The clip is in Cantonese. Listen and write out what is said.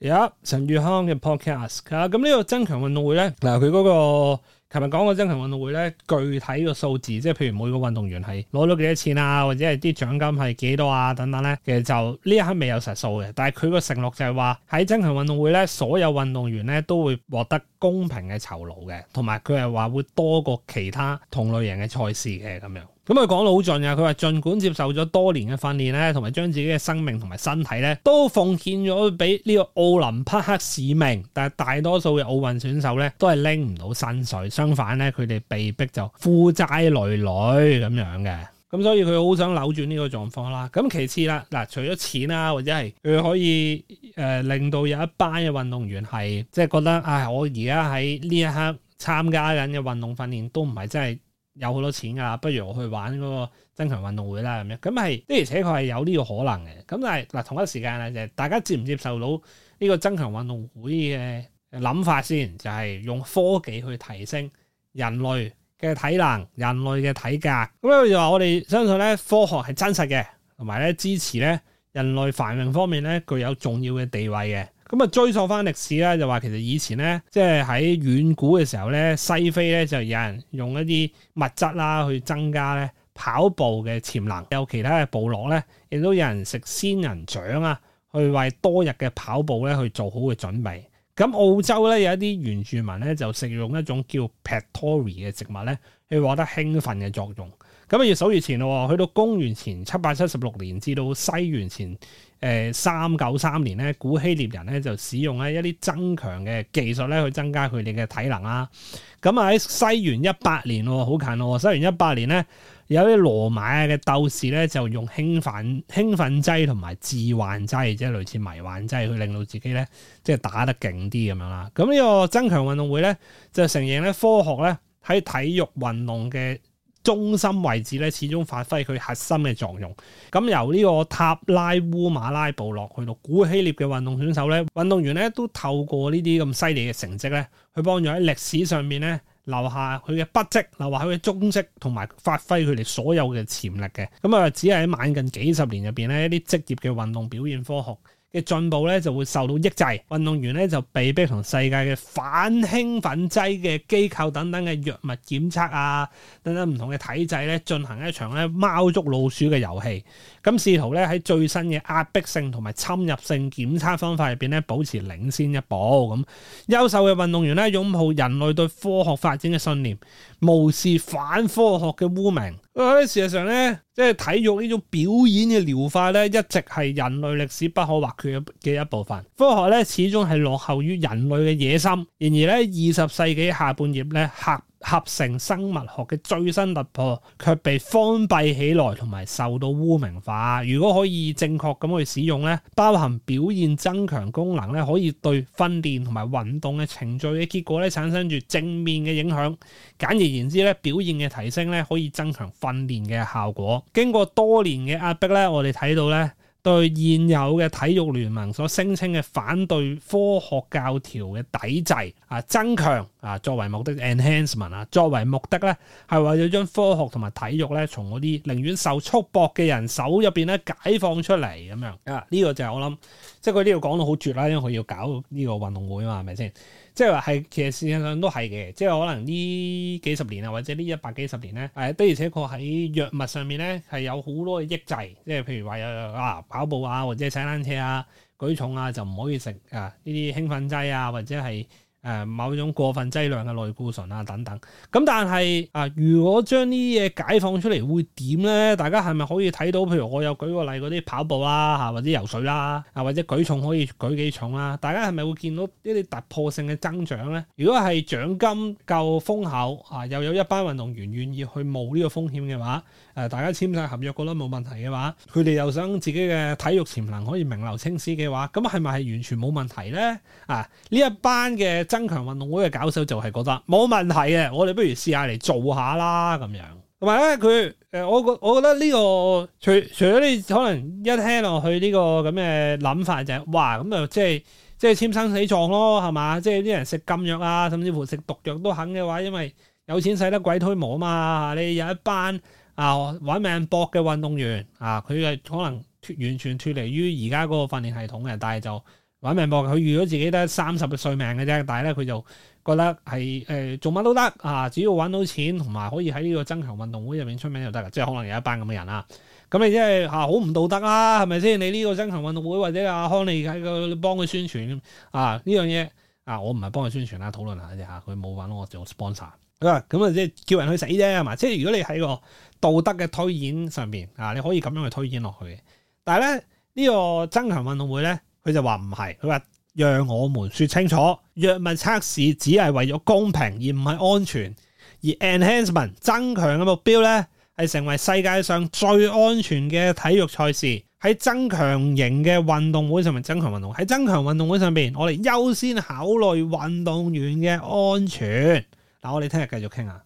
有、yeah, 陳裕康嘅 podcast，咁、嗯這個、呢、那個增強運動會咧，嗱佢嗰個琴日講嘅增強運動會咧，具體個數字，即係譬如每個運動員係攞咗幾多錢啊，或者係啲獎金係幾多啊等等咧，其實就呢一刻未有實數嘅。但係佢個承諾就係話喺增強運動會咧，所有運動員咧都會獲得公平嘅酬勞嘅，同埋佢係話會多過其他同類型嘅賽事嘅咁樣。咁佢講到好盡啊！佢話，盡管接受咗多年嘅訓練咧，同埋將自己嘅生命同埋身體咧，都奉獻咗俾呢個奧林匹克使命。但係大多數嘅奧運選手咧，都係拎唔到薪水，相反咧，佢哋被逼就負債累累咁樣嘅。咁所以佢好想扭轉呢個狀況啦。咁其次啦，嗱，除咗錢啊，或者係佢可以誒、呃、令到有一班嘅運動員係即係覺得，唉、哎，我而家喺呢一刻參加緊嘅運動訓練都唔係真係。有好多錢噶，不如我去玩嗰個增強運動會啦，咁樣咁係的，而且確係有呢個可能嘅。咁但係嗱，同一時間咧，就係、大家接唔接受到呢個增強運動會嘅諗法先，就係、是、用科技去提升人類嘅體能、人類嘅體格。咁咧佢就話我哋相信咧科學係真實嘅，同埋咧支持咧人類繁榮方面咧具有重要嘅地位嘅。咁啊，追溯翻歷史咧，就話其實以前咧，即係喺遠古嘅時候咧，西非咧就有人用一啲物質啦去增加咧跑步嘅潛能。有其他嘅部落咧，亦都有人食仙人掌啊，去為多日嘅跑步咧去做好嘅準備。咁澳洲咧有一啲原住民咧就食用一種叫 Pituri 嘅植物咧，去獲得興奮嘅作用。咁啊，越數越前咯，去到公元前七百七十六年至到西元前誒三九三年咧，古希臘人咧就使用咧一啲增強嘅技術咧去增加佢哋嘅體能啦、啊。咁啊喺西元一八年喎，好近咯、哦，西元呢一八年咧有啲羅馬嘅鬥士咧就用興奮興奮劑同埋致幻劑，即係類似迷幻劑，去令到自己咧即係打得勁啲咁樣啦。咁呢個增強運動會咧就承認咧科學咧喺體育運動嘅中心位置咧，始終發揮佢核心嘅作用。咁由呢個塔拉烏馬拉部落去到古希臘嘅運動選手咧，運動員咧都透過呢啲咁犀利嘅成績咧，去幫助喺歷史上面咧留下佢嘅筆跡，留下佢嘅蹤跡，同埋發揮佢哋所有嘅潛力嘅。咁、嗯、啊，只係喺晚近幾十年入邊咧，一啲職業嘅運動表現科學嘅進步咧就會受到抑制，運動員咧就被迫同世界嘅反興奮劑嘅機構等等嘅藥物檢測啊，等等唔同嘅體制咧進行一場咧貓捉老鼠嘅遊戲，咁試圖咧喺最新嘅壓迫性同埋侵入性檢測方法入邊咧保持領先一步，咁優秀嘅運動員咧擁抱人類對科學發展嘅信念，無視反科學嘅污名。事實上咧，即係體育呢種表演嘅療法咧，一直係人類歷史不可或缺嘅嘅一部分。科學咧始終係落後於人類嘅野心。然而咧，二十世紀下半葉咧，吓。合成生物學嘅最新突破，卻被封閉起來同埋受到污名化。如果可以正確咁去使用咧，包含表現增強功能咧，可以對訓練同埋運動嘅程序嘅結果咧產生住正面嘅影響。簡而言之咧，表現嘅提升咧，可以增強訓練嘅效果。經過多年嘅壓迫咧，我哋睇到咧。對現有嘅體育聯盟所聲稱嘅反對科學教條嘅抵制啊，增強啊作為目的 enhancement 啊，作為目的咧係話要將科學同埋體育咧從嗰啲寧願受束縛嘅人手入邊咧解放出嚟咁樣啊，呢、呢個就係我諗，即係佢呢度講到好絕啦，因為佢要搞呢個運動會啊嘛，係咪先？即係話係，其實事實上都係嘅。即係可能呢幾十年啊，或者呢一百幾十年咧，誒、啊、的而且確喺藥物上面咧係有好多嘅抑制。即係譬如話有啊跑步啊，或者踩單車啊、舉重啊，就唔可以食啊呢啲興奮劑啊，或者係。誒某種過分劑量嘅類固醇啊等等，咁但係啊，如果將呢啲嘢解放出嚟會點呢？大家係咪可以睇到？譬如我有舉個例，嗰啲跑步啦，嚇、啊、或者游水啦，啊或者舉重可以舉幾重啦？大家係咪會見到一啲突破性嘅增長呢？如果係獎金夠豐厚啊，又有一班運動員願意去冒呢個風險嘅話，誒、啊、大家簽晒合約覺得冇問題嘅話，佢哋又想自己嘅體育潛能可以名留青史嘅話，咁係咪係完全冇問題呢？啊呢一班嘅。增強運動會嘅搞手就係覺得冇問題嘅，我哋不如試下嚟做下啦咁樣。同埋咧，佢誒、呃，我覺我覺得呢個除除咗你可能一聽落去呢個咁嘅諗法就係哇，咁啊即係即係簽生死狀咯，係嘛？即係啲人食禁藥啊，甚至乎食毒藥都肯嘅話，因為有錢使得鬼推磨啊嘛。你有一班啊玩命搏嘅運動員啊，佢係可能脫完全脫離於而家嗰個訓練系統嘅，但係就。玩命搏，佢預咗自己得三十嘅歲命嘅啫。但係咧，佢就覺得係誒做乜都得啊，只要揾到錢同埋可以喺呢個增強運動會入面出名就得噶。即 係可能有一班咁嘅人啊。咁你即係嚇好唔道德啦，係咪先？你呢個增強運動會或者阿康利喺度幫佢宣傳啊呢樣嘢啊，我唔係幫佢宣傳啦，討論下啫嚇。佢冇揾我做 sponsor，咁啊即係叫人去死啫係嘛？即係如果你喺個道德嘅推演上邊啊，你可以咁樣去推演落去。但係咧呢個增強運動會咧。佢就話唔係，佢話，讓我們說清楚，藥物測試只係為咗公平而唔係安全，而 enhancement 增強嘅目標呢，係成為世界上最安全嘅體育賽事，喺增強型嘅運動會上面增強運動，喺增強運動會上面，我哋優先考慮運動員嘅安全。嗱，我哋聽日繼續傾啊！